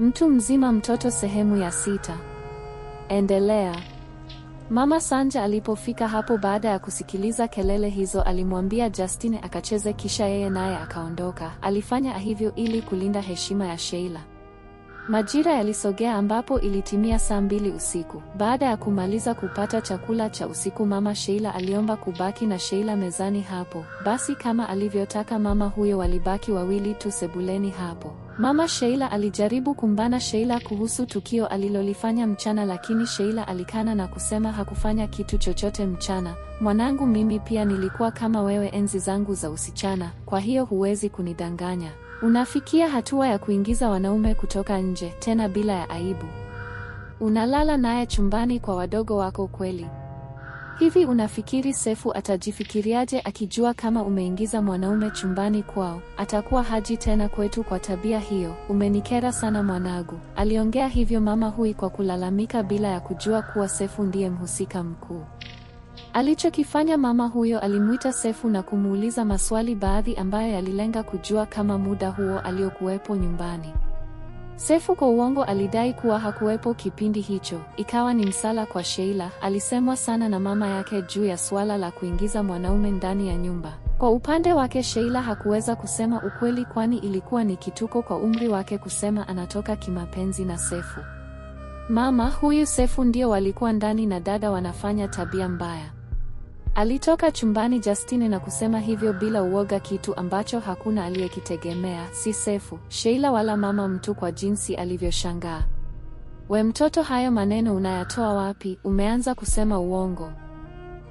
Mtu mzima mtoto sehemu ya sita. Endelea. Mama Sanja alipofika hapo baada ya kusikiliza kelele hizo alimwambia Justine akacheze kisha yeye naye akaondoka. Alifanya hivyo ili kulinda heshima ya Sheila. Majira yalisogea ambapo ilitimia saa mbili usiku. Baada ya kumaliza kupata chakula cha usiku, mama Sheila aliomba kubaki na Sheila mezani hapo. Basi kama alivyotaka mama huyo, walibaki wawili tu sebuleni hapo. Mama Sheila alijaribu kumbana Sheila kuhusu tukio alilolifanya mchana, lakini Sheila alikana na kusema hakufanya kitu chochote mchana. Mwanangu, mimi pia nilikuwa kama wewe enzi zangu za usichana, kwa hiyo huwezi kunidanganya. Unafikia hatua ya kuingiza wanaume kutoka nje, tena bila ya aibu. Unalala naye chumbani kwa wadogo wako kweli? Hivi unafikiri Sefu atajifikiriaje akijua kama umeingiza mwanaume chumbani kwao? Atakuwa haji tena kwetu kwa tabia hiyo. Umenikera sana mwanangu. Aliongea hivyo mama Hui kwa kulalamika bila ya kujua kuwa Sefu ndiye mhusika mkuu. Alichokifanya mama huyo alimwita Sefu na kumuuliza maswali baadhi ambayo yalilenga kujua kama muda huo aliokuwepo nyumbani. Sefu kwa uongo alidai kuwa hakuwepo kipindi hicho, ikawa ni msala kwa Sheila, alisemwa sana na mama yake juu ya suala la kuingiza mwanaume ndani ya nyumba. Kwa upande wake Sheila hakuweza kusema ukweli kwani ilikuwa ni kituko kwa umri wake kusema anatoka kimapenzi na Sefu. Mama, huyu Sefu ndio walikuwa ndani na dada wanafanya tabia mbaya. Alitoka chumbani Justine na kusema hivyo bila uoga, kitu ambacho hakuna aliyekitegemea, si Sefu, Sheila wala mama mtu kwa jinsi alivyoshangaa. We mtoto, hayo maneno unayatoa wapi? Umeanza kusema uongo.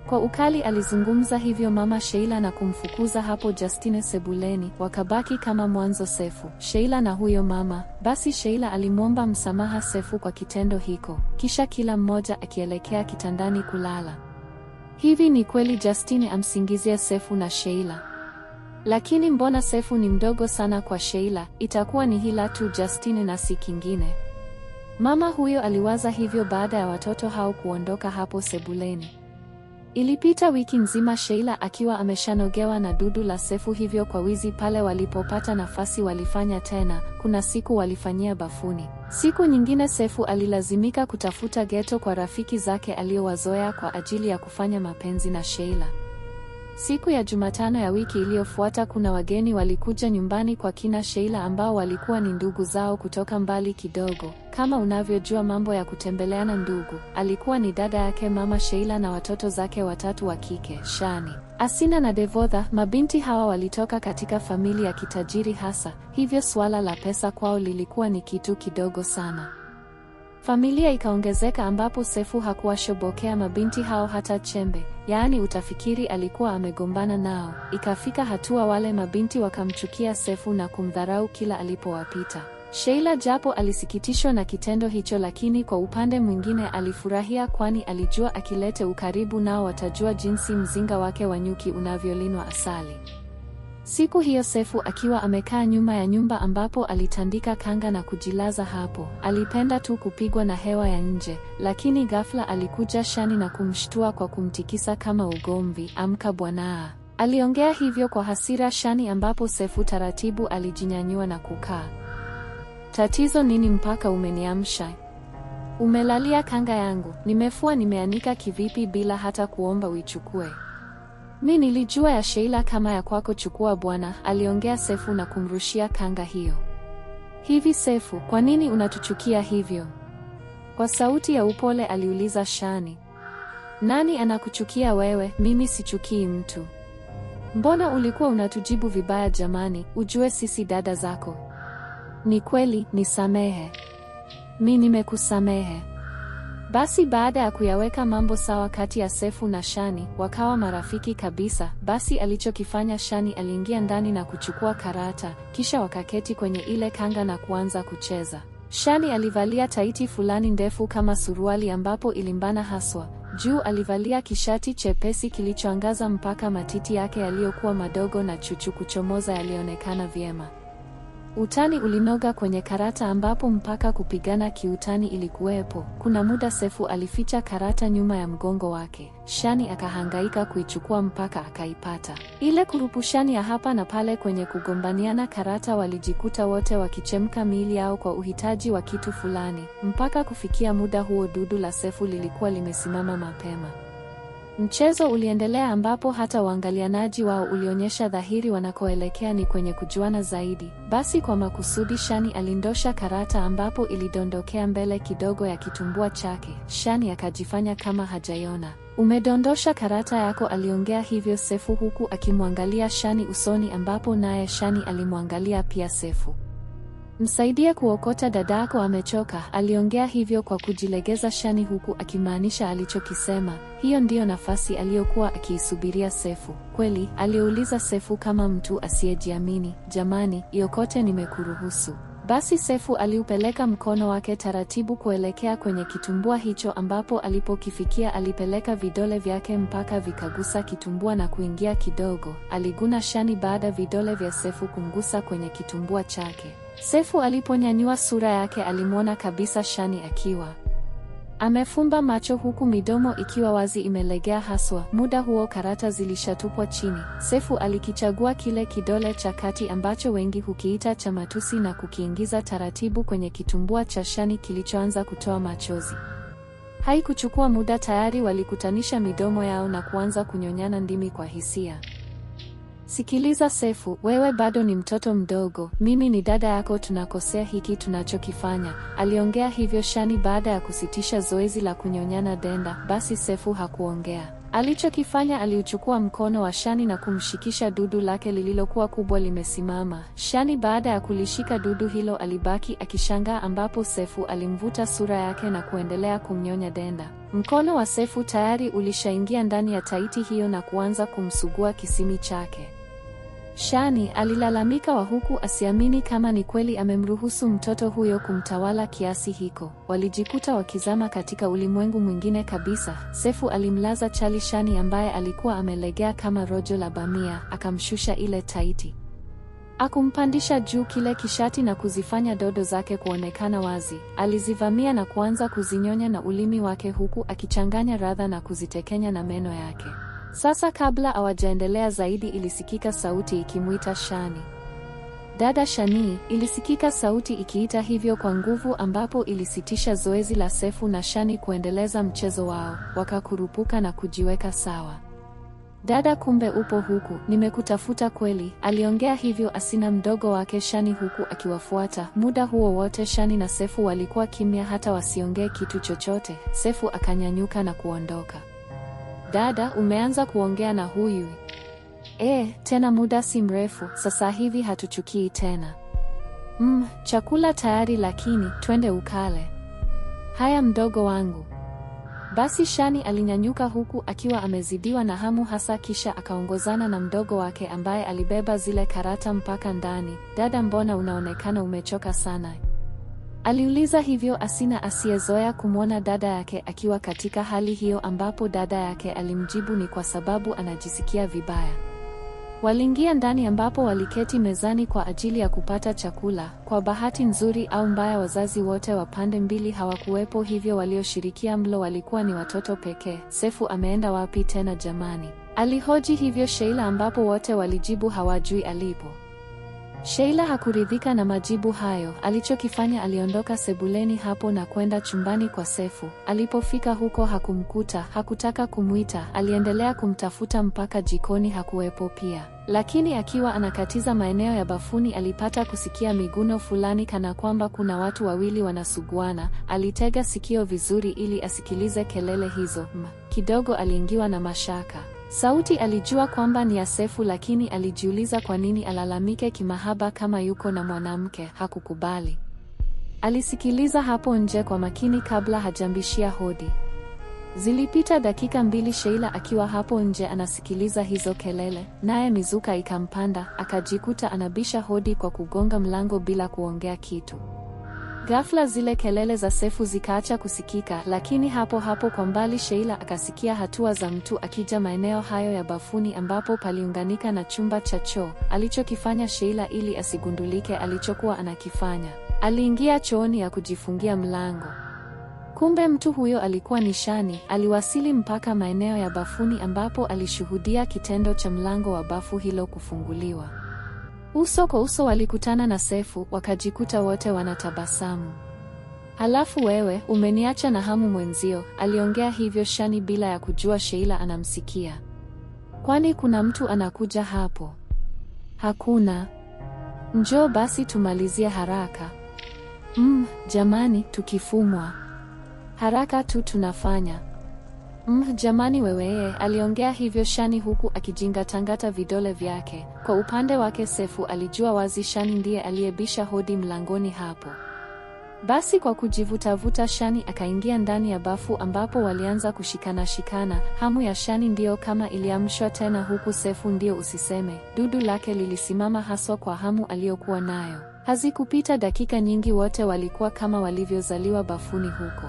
Kwa ukali alizungumza hivyo mama Sheila na kumfukuza hapo Justine sebuleni, wakabaki kama mwanzo Sefu, Sheila na huyo mama. Basi Sheila alimwomba msamaha Sefu kwa kitendo hiko, kisha kila mmoja akielekea kitandani kulala. Hivi ni kweli Justin amsingizia Sefu na Sheila? Lakini mbona Sefu ni mdogo sana kwa Sheila? Itakuwa ni hila tu Justin na si kingine. Mama huyo aliwaza hivyo baada ya watoto hao kuondoka hapo sebuleni. Ilipita wiki nzima Sheila akiwa ameshanogewa na dudu la Sefu, hivyo kwa wizi pale walipopata nafasi walifanya tena. Kuna siku walifanyia bafuni, siku nyingine Sefu alilazimika kutafuta geto kwa rafiki zake aliyowazoea kwa ajili ya kufanya mapenzi na Sheila. Siku ya Jumatano ya wiki iliyofuata kuna wageni walikuja nyumbani kwa kina Sheila ambao walikuwa ni ndugu zao kutoka mbali kidogo. Kama unavyojua mambo ya kutembeleana ndugu, alikuwa ni dada yake mama Sheila na watoto zake watatu wa kike, Shani, Asina na Devotha. Mabinti hawa walitoka katika familia ya kitajiri hasa, hivyo suala la pesa kwao lilikuwa ni kitu kidogo sana. Familia ikaongezeka ambapo Sefu hakuwashobokea mabinti hao hata chembe, yaani utafikiri alikuwa amegombana nao. Ikafika hatua wale mabinti wakamchukia Sefu na kumdharau kila alipowapita. Sheila japo alisikitishwa na kitendo hicho, lakini kwa upande mwingine alifurahia, kwani alijua akilete ukaribu nao watajua jinsi mzinga wake wa nyuki unavyolinwa asali. Siku hiyo Sefu akiwa amekaa nyuma ya nyumba ambapo alitandika kanga na kujilaza hapo. Alipenda tu kupigwa na hewa ya nje, lakini ghafla alikuja Shani na kumshtua kwa kumtikisa kama ugomvi. Amka bwanaa. Aliongea hivyo kwa hasira Shani ambapo Sefu taratibu alijinyanyua na kukaa. Tatizo nini mpaka umeniamsha? Umelalia kanga yangu. Nimefua nimeanika kivipi bila hata kuomba uichukue? Mi nilijua ya Sheila kama ya kwako, chukua bwana, aliongea Sefu na kumrushia kanga hiyo. Hivi Sefu, kwa nini unatuchukia hivyo? Kwa sauti ya upole aliuliza Shani. Nani anakuchukia wewe? Mimi sichukii mtu. Mbona ulikuwa unatujibu vibaya jamani? Ujue sisi dada zako. Ni kweli, nisamehe. Mi nimekusamehe. Basi baada ya kuyaweka mambo sawa kati ya Sefu na Shani, wakawa marafiki kabisa. Basi alichokifanya Shani aliingia ndani na kuchukua karata, kisha wakaketi kwenye ile kanga na kuanza kucheza. Shani alivalia taiti fulani ndefu kama suruali ambapo ilimbana haswa. Juu alivalia kishati chepesi kilichoangaza mpaka matiti yake yaliyokuwa madogo na chuchu kuchomoza yalionekana vyema. Utani ulinoga kwenye karata ambapo mpaka kupigana kiutani ilikuwepo. Kuna muda Sefu alificha karata nyuma ya mgongo wake. Shani akahangaika kuichukua mpaka akaipata. Ile kurupushani ya hapa na pale kwenye kugombaniana karata walijikuta wote wakichemka miili yao kwa uhitaji wa kitu fulani. Mpaka kufikia muda huo dudu la Sefu lilikuwa limesimama mapema. Mchezo uliendelea ambapo hata waangalianaji wao ulionyesha dhahiri wanakoelekea ni kwenye kujuana zaidi. Basi kwa makusudi Shani alindosha karata ambapo ilidondokea mbele kidogo ya kitumbua chake. Shani akajifanya kama hajaiona. Umedondosha karata yako, aliongea hivyo Sefu huku akimwangalia Shani usoni ambapo naye Shani alimwangalia pia Sefu. Msaidie kuokota dadako amechoka. Aliongea hivyo kwa kujilegeza shani huku akimaanisha alichokisema. Hiyo ndiyo nafasi aliyokuwa akiisubiria Sefu. Kweli? aliuliza Sefu kama mtu asiyejiamini. Jamani, iokote nimekuruhusu. Basi Sefu aliupeleka mkono wake taratibu kuelekea kwenye kitumbua hicho ambapo alipokifikia alipeleka vidole vyake mpaka vikagusa kitumbua na kuingia kidogo. Aliguna shani baada vidole vya Sefu kungusa kwenye kitumbua chake. Sefu aliponyanyua sura yake alimwona kabisa Shani akiwa amefumba macho huku midomo ikiwa wazi imelegea haswa. Muda huo karata zilishatupwa chini. Sefu alikichagua kile kidole cha kati ambacho wengi hukiita cha matusi na kukiingiza taratibu kwenye kitumbua cha Shani kilichoanza kutoa machozi. Haikuchukua muda, tayari walikutanisha midomo yao na kuanza kunyonyana ndimi kwa hisia. Sikiliza Sefu, wewe bado ni mtoto mdogo, mimi ni dada yako, tunakosea hiki tunachokifanya. Aliongea hivyo Shani baada ya kusitisha zoezi la kunyonyana denda. Basi Sefu hakuongea. Alichokifanya, aliuchukua mkono wa Shani na kumshikisha dudu lake lililokuwa kubwa limesimama. Shani baada ya kulishika dudu hilo alibaki akishangaa, ambapo Sefu alimvuta sura yake na kuendelea kumnyonya denda. Mkono wa Sefu tayari ulishaingia ndani ya taiti hiyo na kuanza kumsugua kisimi chake. Shani alilalamika wa huku asiamini kama ni kweli amemruhusu mtoto huyo kumtawala kiasi hiko. Walijikuta wakizama katika ulimwengu mwingine kabisa. Sefu alimlaza chali Shani ambaye alikuwa amelegea kama rojo la bamia, akamshusha ile taiti. Akumpandisha juu kile kishati na kuzifanya dodo zake kuonekana wazi. Alizivamia na kuanza kuzinyonya na ulimi wake huku akichanganya radha na kuzitekenya na meno yake. Sasa kabla hawajaendelea zaidi ilisikika sauti ikimwita Shani. Dada Shani, ilisikika sauti ikiita hivyo kwa nguvu ambapo ilisitisha zoezi la Sefu na Shani kuendeleza mchezo wao, wakakurupuka na kujiweka sawa. Dada, kumbe upo huku, nimekutafuta kweli. Aliongea hivyo Asina mdogo wake Shani huku akiwafuata. Muda huo wote Shani na Sefu walikuwa kimya hata wasiongee kitu chochote. Sefu akanyanyuka na kuondoka. Dada, umeanza kuongea na huyu? E, tena muda si mrefu, sasa hivi hatuchukii tena. Mm, chakula tayari lakini twende ukale. Haya mdogo wangu. Basi Shani alinyanyuka huku akiwa amezidiwa na hamu hasa, kisha akaongozana na mdogo wake ambaye alibeba zile karata mpaka ndani. Dada, mbona unaonekana umechoka sana? Aliuliza hivyo Asina asiyezoea kumwona dada yake akiwa katika hali hiyo ambapo dada yake alimjibu ni kwa sababu anajisikia vibaya. Waliingia ndani ambapo waliketi mezani kwa ajili ya kupata chakula. Kwa bahati nzuri au mbaya, wazazi wote wa pande mbili hawakuwepo, hivyo walioshirikia mlo walikuwa ni watoto pekee. Sefu ameenda wapi tena jamani? Alihoji hivyo Sheila ambapo wote walijibu hawajui alipo. Sheila hakuridhika na majibu hayo. Alichokifanya, aliondoka sebuleni hapo na kwenda chumbani kwa Sefu. Alipofika huko hakumkuta, hakutaka kumwita, aliendelea kumtafuta mpaka jikoni, hakuwepo pia. Lakini akiwa anakatiza maeneo ya bafuni, alipata kusikia miguno fulani, kana kwamba kuna watu wawili wanasuguana. Alitega sikio vizuri ili asikilize kelele hizo. M, kidogo aliingiwa na mashaka. Sauti alijua kwamba ni asefu lakini alijiuliza kwa nini alalamike kimahaba kama yuko na mwanamke. Hakukubali. Alisikiliza hapo nje kwa makini kabla hajambishia hodi. Zilipita dakika mbili, Sheila akiwa hapo nje anasikiliza hizo kelele, naye mizuka ikampanda, akajikuta anabisha hodi kwa kugonga mlango bila kuongea kitu. Ghafla zile kelele za Sefu zikaacha kusikika, lakini hapo hapo kwa mbali Sheila akasikia hatua za mtu akija maeneo hayo ya bafuni ambapo paliunganika na chumba cha choo. Alichokifanya Sheila ili asigundulike alichokuwa anakifanya, aliingia chooni ya kujifungia mlango. Kumbe mtu huyo alikuwa nishani. Aliwasili mpaka maeneo ya bafuni ambapo alishuhudia kitendo cha mlango wa bafu hilo kufunguliwa. Uso kwa uso walikutana na Sefu wakajikuta wote wanatabasamu. Halafu wewe umeniacha na hamu mwenzio, aliongea hivyo Shani bila ya kujua Sheila anamsikia. Kwani kuna mtu anakuja hapo? Hakuna. Njoo basi tumalizie haraka. Mm, jamani tukifumwa. Haraka tu tunafanya. Mm, jamani weweye, aliongea hivyo Shani huku akijingatangata vidole vyake. Kwa upande wake Sefu alijua wazi Shani ndiye aliyebisha hodi mlangoni hapo. Basi kwa kujivutavuta Shani akaingia ndani ya bafu ambapo walianza kushikana shikana. Hamu ya Shani ndiyo kama iliamshwa tena huku Sefu ndiyo usiseme, dudu lake lilisimama haswa kwa hamu aliyokuwa nayo. Hazikupita dakika nyingi wote walikuwa kama walivyozaliwa bafuni huko.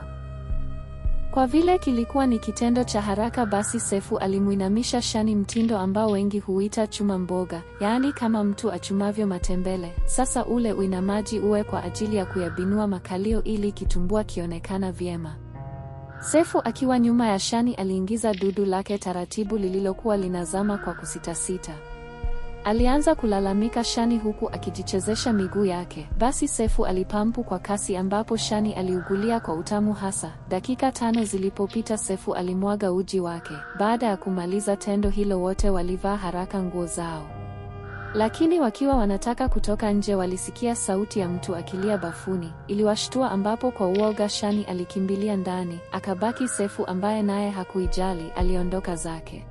Kwa vile kilikuwa ni kitendo cha haraka, basi Sefu alimwinamisha Shani, mtindo ambao wengi huita chuma mboga, yaani kama mtu achumavyo matembele. Sasa ule uinamaji uwe kwa ajili ya kuyabinua makalio ili kitumbua kionekana vyema. Sefu akiwa nyuma ya Shani aliingiza dudu lake taratibu lililokuwa linazama kwa kusitasita. Alianza kulalamika Shani huku akijichezesha miguu yake. Basi Sefu alipampu kwa kasi ambapo Shani aliugulia kwa utamu hasa. Dakika tano zilipopita Sefu alimwaga uji wake. Baada ya kumaliza tendo hilo wote walivaa haraka nguo zao. Lakini wakiwa wanataka kutoka nje walisikia sauti ya mtu akilia bafuni. Iliwashtua ambapo kwa uoga Shani alikimbilia ndani, akabaki Sefu ambaye naye hakuijali, aliondoka zake.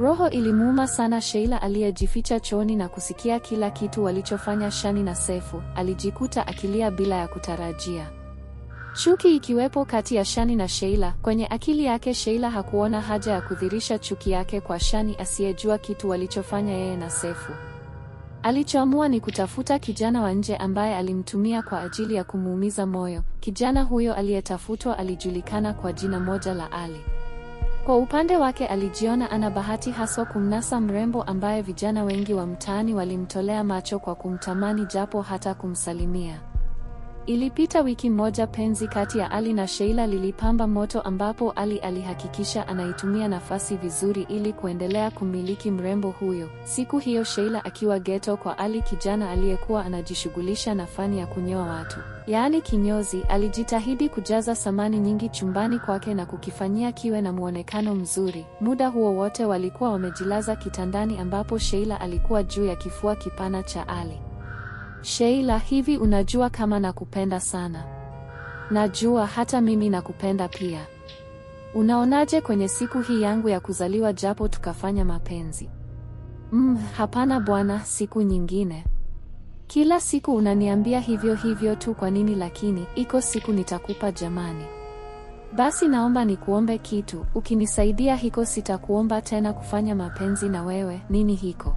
Roho ilimuuma sana Sheila aliyejificha chooni na kusikia kila kitu walichofanya Shani na Sefu, alijikuta akilia bila ya kutarajia. Chuki ikiwepo kati ya Shani na Sheila, kwenye akili yake Sheila hakuona haja ya kudhirisha chuki yake kwa Shani asiyejua kitu walichofanya yeye na Sefu. Alichoamua ni kutafuta kijana wa nje ambaye alimtumia kwa ajili ya kumuumiza moyo. Kijana huyo aliyetafutwa alijulikana kwa jina moja la Ali. Kwa upande wake alijiona ana bahati haswa kumnasa mrembo ambaye vijana wengi wa mtaani walimtolea macho kwa kumtamani japo hata kumsalimia. Ilipita wiki moja, penzi kati ya Ali na Sheila lilipamba moto, ambapo Ali alihakikisha anaitumia nafasi vizuri ili kuendelea kumiliki mrembo huyo. Siku hiyo Sheila akiwa geto kwa Ali, kijana aliyekuwa anajishughulisha na fani ya kunyoa watu, yaani kinyozi, alijitahidi kujaza samani nyingi chumbani kwake na kukifanyia kiwe na muonekano mzuri. Muda huo wote walikuwa wamejilaza kitandani, ambapo Sheila alikuwa juu ya kifua kipana cha Ali. Sheila, hivi unajua kama nakupenda sana? Najua hata mimi nakupenda pia. Unaonaje kwenye siku hii yangu ya kuzaliwa japo tukafanya mapenzi? Mm, hapana bwana, siku nyingine. Kila siku unaniambia hivyo hivyo tu, kwa nini? Lakini iko siku nitakupa jamani. Basi naomba nikuombe kitu, ukinisaidia hiko sitakuomba tena kufanya mapenzi na wewe. Nini hiko?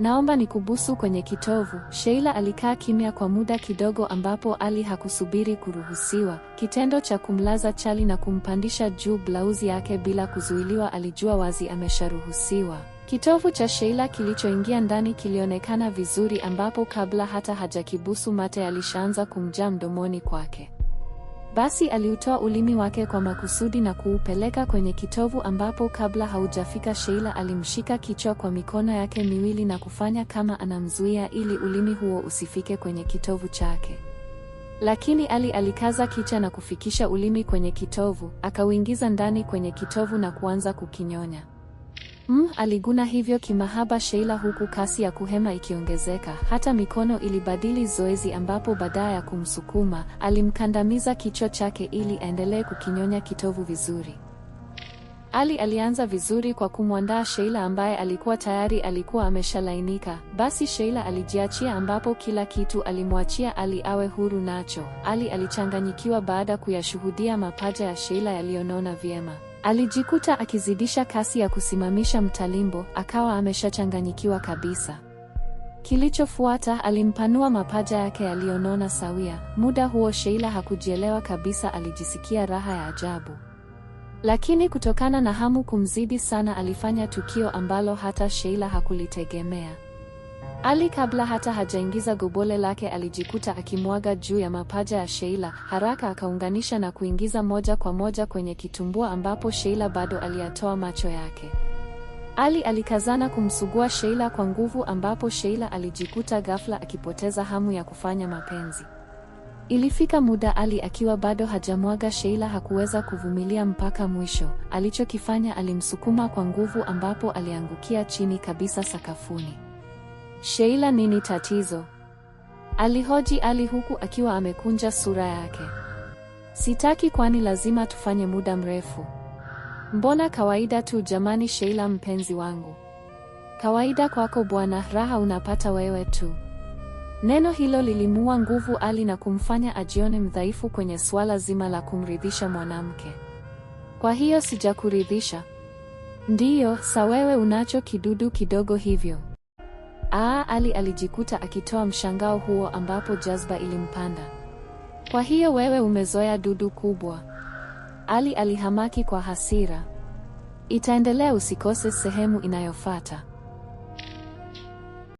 Naomba nikubusu kwenye kitovu. Sheila alikaa kimya kwa muda kidogo ambapo Ali hakusubiri kuruhusiwa. Kitendo cha kumlaza chali na kumpandisha juu blauzi yake bila kuzuiliwa, alijua wazi amesharuhusiwa. Kitovu cha Sheila kilichoingia ndani kilionekana vizuri ambapo kabla hata hajakibusu mate alishaanza kumjaa mdomoni kwake. Basi aliutoa ulimi wake kwa makusudi na kuupeleka kwenye kitovu ambapo kabla haujafika Sheila alimshika kichwa kwa mikono yake miwili na kufanya kama anamzuia ili ulimi huo usifike kwenye kitovu chake. Lakini Ali alikaza kicha na kufikisha ulimi kwenye kitovu, akauingiza ndani kwenye kitovu na kuanza kukinyonya. Mm, aliguna hivyo kimahaba Sheila huku kasi ya kuhema ikiongezeka. Hata mikono ilibadili zoezi ambapo badala ya kumsukuma, alimkandamiza kichwa chake ili aendelee kukinyonya kitovu vizuri. Ali alianza vizuri kwa kumwandaa Sheila ambaye alikuwa tayari alikuwa ameshalainika. Basi Sheila alijiachia ambapo kila kitu alimwachia Ali awe huru nacho. Ali alichanganyikiwa baada kuyashuhudia mapaja ya Sheila yaliyonona vyema. Alijikuta akizidisha kasi ya kusimamisha mtalimbo, akawa ameshachanganyikiwa kabisa. Kilichofuata alimpanua mapaja yake yaliyonona sawia. Muda huo Sheila hakujielewa kabisa, alijisikia raha ya ajabu. Lakini kutokana na hamu kumzidi sana, alifanya tukio ambalo hata Sheila hakulitegemea. Ali kabla hata hajaingiza gobole lake alijikuta akimwaga juu ya mapaja ya Sheila, haraka akaunganisha na kuingiza moja kwa moja kwenye kitumbua ambapo Sheila bado aliyatoa macho yake. Ali alikazana kumsugua Sheila kwa nguvu ambapo Sheila alijikuta ghafla akipoteza hamu ya kufanya mapenzi. Ilifika muda Ali akiwa bado hajamwaga Sheila hakuweza kuvumilia mpaka mwisho. Alichokifanya alimsukuma kwa nguvu ambapo aliangukia chini kabisa sakafuni. Sheila, nini tatizo? Alihoji Ali huku akiwa amekunja sura yake. Sitaki kwani lazima tufanye muda mrefu. Mbona kawaida tu jamani Sheila mpenzi wangu. Kawaida kwako bwana, raha unapata wewe tu. Neno hilo lilimua nguvu Ali na kumfanya ajione mdhaifu kwenye suala zima la kumridhisha mwanamke. Kwa hiyo sijakuridhisha? Ndiyo, sa wewe unacho kidudu kidogo hivyo. Aa, Ali alijikuta akitoa mshangao huo ambapo jazba ilimpanda. Kwa hiyo wewe umezoea dudu kubwa? Ali alihamaki kwa hasira. Itaendelea, usikose sehemu inayofuata.